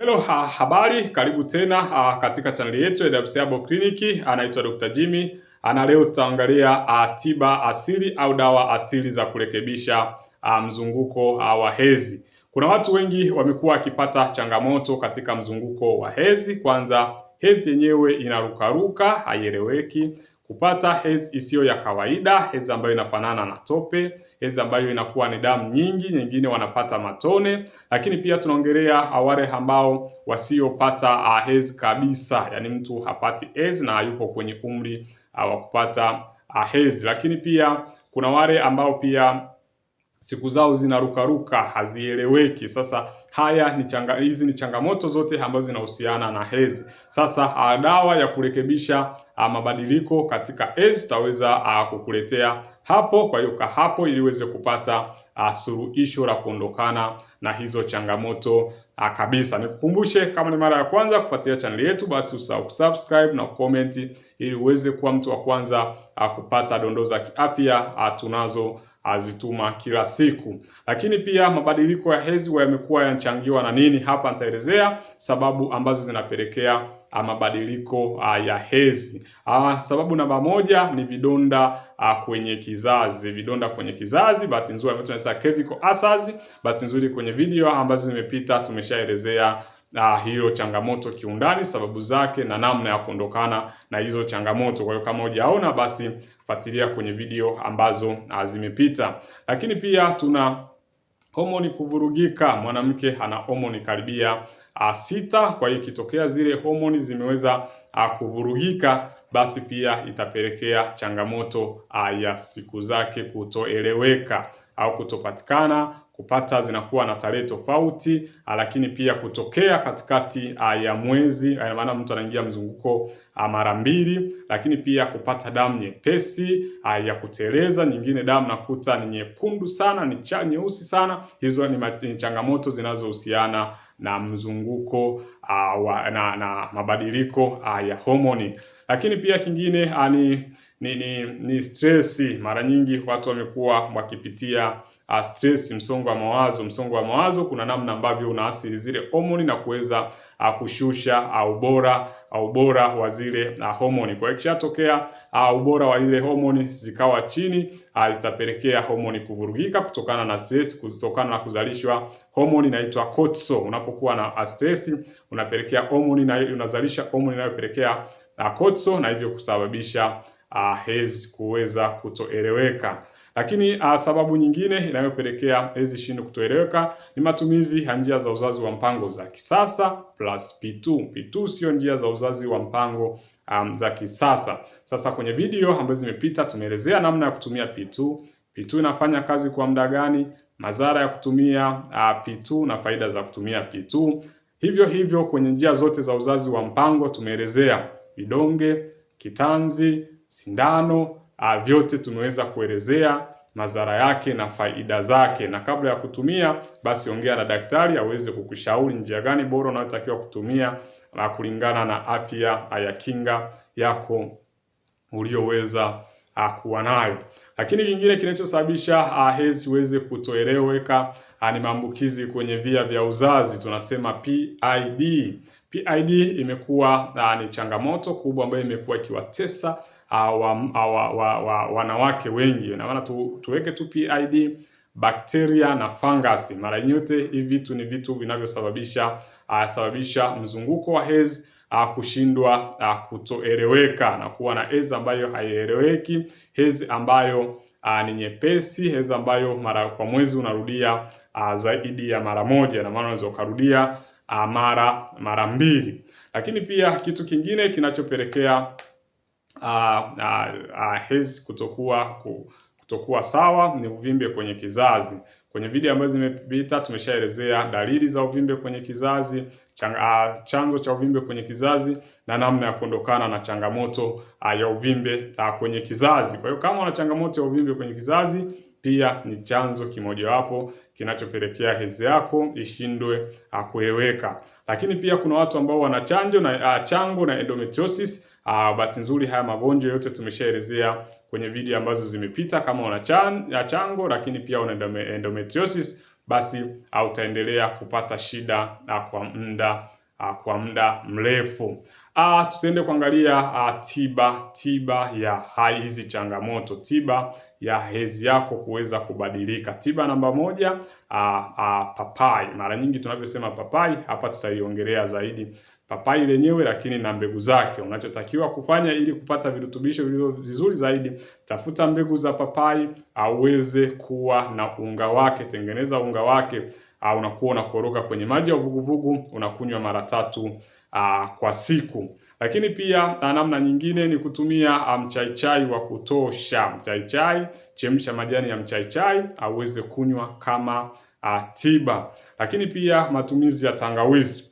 Hello, ha, habari, karibu tena ha, katika chaneli yetu ya Dr. Abo Clinic. Anaitwa Dr. Jimmy ana, leo tutaangalia tiba asili au dawa asili za kurekebisha ha, mzunguko ha, wa hezi Kuna watu wengi wamekuwa wakipata changamoto katika mzunguko wa hezi kwanza hezi yenyewe inarukaruka, haieleweki kupata hedhi isiyo ya kawaida, hedhi ambayo inafanana na tope, hedhi ambayo inakuwa ni damu nyingi, nyingine wanapata matone, lakini pia tunaongelea wale ambao wasiopata ah, hedhi kabisa, yani mtu hapati hedhi na yupo kwenye umri ah, wa kupata ah, hedhi, lakini pia kuna wale ambao pia siku zao zinarukaruka, hazieleweki. Sasa haya ni changa, hizi ni changamoto zote ambazo zinahusiana na hedhi. Sasa ah, dawa ya kurekebisha ah, mabadiliko katika hedhi tutaweza ah, kukuletea hapo. Kwa hiyo hapo, ili uweze kupata suluhisho la kuondokana na hizo changamoto a, kabisa. Nikukumbushe, kama ni mara ya kwanza kufuatilia chaneli yetu, basi usahau kusubscribe na comment ili uweze kuwa mtu wa kwanza a, kupata dondoo za kiafya tunazo azituma kila siku. Lakini pia mabadiliko ya hedhi yamekuwa yanachangiwa na nini? Hapa nitaelezea sababu ambazo zinapelekea ah, mabadiliko ah, ya hedhi. Ah, sababu namba moja ni vidonda kwenye kizazi, vidonda kwenye kizazi. Bahati nzuri ambayo tunasema cervical ulcers. Bahati nzuri kwenye video ambazo zimepita tumeshaelezea Ah, hiyo changamoto kiundani, sababu zake na namna ya kuondokana na hizo changamoto. Kwa hiyo kama hujaona basi fuatilia kwenye video ambazo ah, zimepita, lakini pia tuna homoni kuvurugika. Mwanamke ana homoni karibia a, ah, sita. Kwa hiyo ikitokea zile homoni zimeweza a, ah, kuvurugika, basi pia itapelekea changamoto a, ya siku zake kutoeleweka au kutopatikana kupata zinakuwa na tarehe tofauti, lakini pia kutokea katikati ah, ya mwezi, ah, maana mtu anaingia mzunguko ah, mara mbili, lakini pia kupata damu nyepesi ya kuteleza, nyingine damu nakuta ni nyekundu sana, ni cha nyeusi sana. Hizo ni changamoto zinazohusiana na mzunguko na, na mabadiliko ya homoni, lakini pia kingine ni ni, ni, ni stress. Mara nyingi watu wamekuwa wakipitia ah, stress, msongo wa mawazo. Msongo wa mawazo kuna namna ambavyo unaathiri zile homoni na kuweza ah, kushusha ah, ubora ubora wa zile uh, homoni. Kwa hiyo ikishatokea ubora wa ile homoni zikawa chini zitapelekea homoni kuvurugika kutokana na stress, kutokana na kuzalishwa homoni inaitwa cortisol. Unapokuwa na stress unapelekea homoni na unazalisha homoni inayopelekea cortisol na hivyo kusababisha uh, hezi kuweza kutoeleweka. Lakini uh, sababu nyingine inayopelekea hezi shindwe kutoeleweka ni matumizi ya njia za uzazi wa mpango za kisasa plus P2. P2 sio njia za uzazi wa mpango um, za kisasa. Sasa kwenye video ambazo zimepita tumeelezea namna ya kutumia P2, P2 inafanya kazi kwa muda gani, madhara ya kutumia uh, ah, P2 na faida za kutumia P2. Hivyo hivyo kwenye njia zote za uzazi wa mpango tumeelezea vidonge, kitanzi sindano a, ah, vyote tumeweza kuelezea madhara yake na faida zake, na kabla ya kutumia basi ongea na daktari aweze kukushauri njia gani bora unayotakiwa kutumia na ah, kulingana na afya ah, ya kinga yako ulioweza kuwa nayo. Lakini kingine kinachosababisha hedhi iweze kutoeleweka ni maambukizi kwenye via vya uzazi, tunasema PID. PID imekuwa ni changamoto kubwa ambayo imekuwa ikiwatesa Ah, wa, ah, wa, wa, wa, wanawake wengi. Na maana tu, tuweke tu PID bakteria na fungus. Mara nyote hivi vitu ni vitu vinavyosababisha uh, sababisha mzunguko wa hedhi uh, kushindwa uh, kutoeleweka na kuwa na hedhi ambayo haieleweki, hedhi ambayo uh, ni nyepesi, hedhi ambayo mara kwa mwezi unarudia uh, zaidi ya mara moja, na maana unaweza ukarudia uh, mara mara mbili. Lakini pia kitu kingine kinachopelekea uh, ah, uh, ah, ah, hedhi kutokuwa kutokuwa sawa ni uvimbe kwenye kizazi. Kwenye video ambazo zimepita tumeshaelezea dalili za uvimbe kwenye kizazi, chang, uh, chanzo cha uvimbe kwenye kizazi na namna ya kuondokana na changamoto uh, ya uvimbe uh, kwenye kizazi. Kwa hiyo kama una changamoto ya uvimbe kwenye kizazi pia ni chanzo kimojawapo kinachopelekea hedhi yako ishindwe ah, kueleweka. Lakini pia kuna watu ambao wana chanjo na uh, chango na endometriosis uh, bahati nzuri haya magonjwa yote tumeshaelezea kwenye video ambazo zimepita. Kama una chan, chango lakini pia una endometriosis basi utaendelea kupata shida na kwa muda Ah, kwa muda mrefu. Ah, tutaende kuangalia a, ah, tiba tiba ya hizi changamoto, tiba ya hezi yako kuweza kubadilika. Tiba namba moja a, ah, a, papai. Mara nyingi tunavyosema papai hapa, tutaiongelea zaidi papai lenyewe, lakini na mbegu zake. Unachotakiwa kufanya ili kupata virutubisho vilivyo vizuri zaidi, tafuta mbegu za papai, aweze kuwa na unga wake, tengeneza unga wake uh, unakuwa unakoroga kwenye maji ya uvuguvugu unakunywa mara tatu uh, kwa siku. Lakini pia ah, namna nyingine ni kutumia ah, mchaichai wa kutosha. Mchaichai, chemsha majani ya mchaichai aweze kunywa kama a, tiba. Lakini pia matumizi ya tangawizi.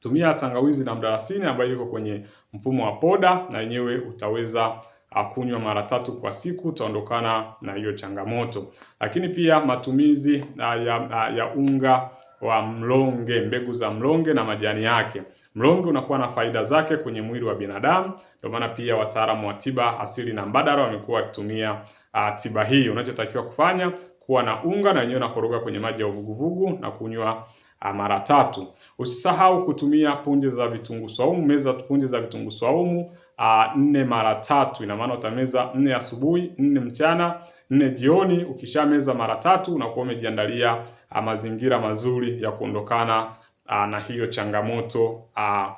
Tumia tangawizi na mdalasini ambayo iko kwenye mfumo wa poda na yenyewe utaweza kunywa mara tatu kwa siku, utaondokana na hiyo changamoto. Lakini pia matumizi ah, ya, ya, ah, ya unga wa mlonge, mbegu za mlonge na majani yake. Mlonge unakuwa na faida zake kwenye mwili wa binadamu, ndio maana pia wataalamu wa tiba asili na mbadala wamekuwa wakitumia uh, tiba hii. Unachotakiwa kufanya kuwa na unga na wenyewe nakoroga kwenye maji ya uvuguvugu na kunywa mara tatu. Usisahau kutumia punje za vitunguu saumu, meza punje za vitunguu swaumu uh, nne mara tatu. Ina maana utameza nne asubuhi, nne mchana, nne jioni. Ukishameza mara tatu, unakuwa umejiandalia uh, mazingira mazuri ya kuondokana uh, na hiyo changamoto uh,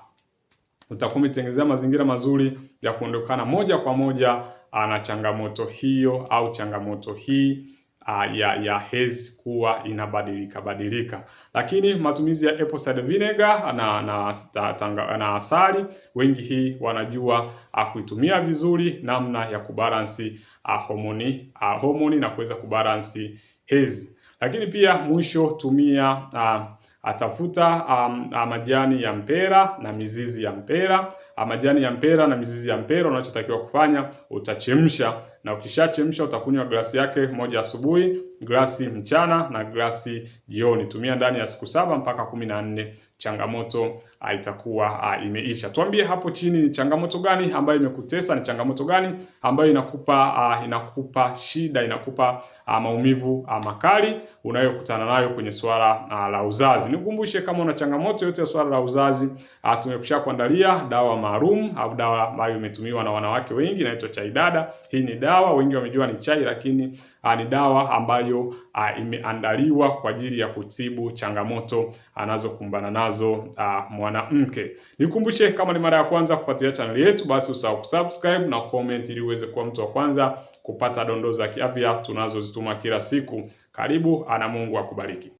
utakuwa umetengenezea mazingira mazuri ya kuondokana moja kwa moja na changamoto hiyo au changamoto hii uh, ya, ya haze kuwa inabadilika badilika. Lakini matumizi ya apple cider vinegar na, na, tanga, na asali wengi hii wanajua uh, kuitumia vizuri namna ya kubalansi uh, homoni, uh, homoni na kuweza kubalansi hezi Lakini pia mwisho tumia uh, atafuta um, uh, majani ya mpera na mizizi ya mpera, uh, majani ya mpera na mizizi ya mpera. Unachotakiwa kufanya utachemsha, na ukishachemsha utakunywa glasi yake moja asubuhi, glasi mchana na glasi jioni. Tumia ndani ya siku saba mpaka kumi na nne changamoto uh, itakuwa uh, imeisha. Tuambie hapo chini ni changamoto gani ambayo imekutesa, ni changamoto gani ambayo inakupa uh, inakupa shida, inakupa uh, maumivu uh, makali unayokutana nayo kwenye swala uh, la uzazi. Nikukumbushe kama una changamoto yote ya swala la uzazi, uh, tumekusha kuandalia dawa maalum au dawa ambayo imetumiwa na wanawake wengi inaitwa chai dada. Hii ni dawa wengi wamejua ni chai, lakini uh, ni dawa ambayo uh, imeandaliwa kwa ajili ya kutibu changamoto anazokumbana nazo uh, mwanamke. nikumbushe kama ni mara ya kwanza kufuatilia chaneli yetu, basi usahau kusubscribe na comment ili uweze kuwa mtu wa kwanza kupata dondoo za kiafya tunazozituma kila siku. Karibu ana Mungu akubariki.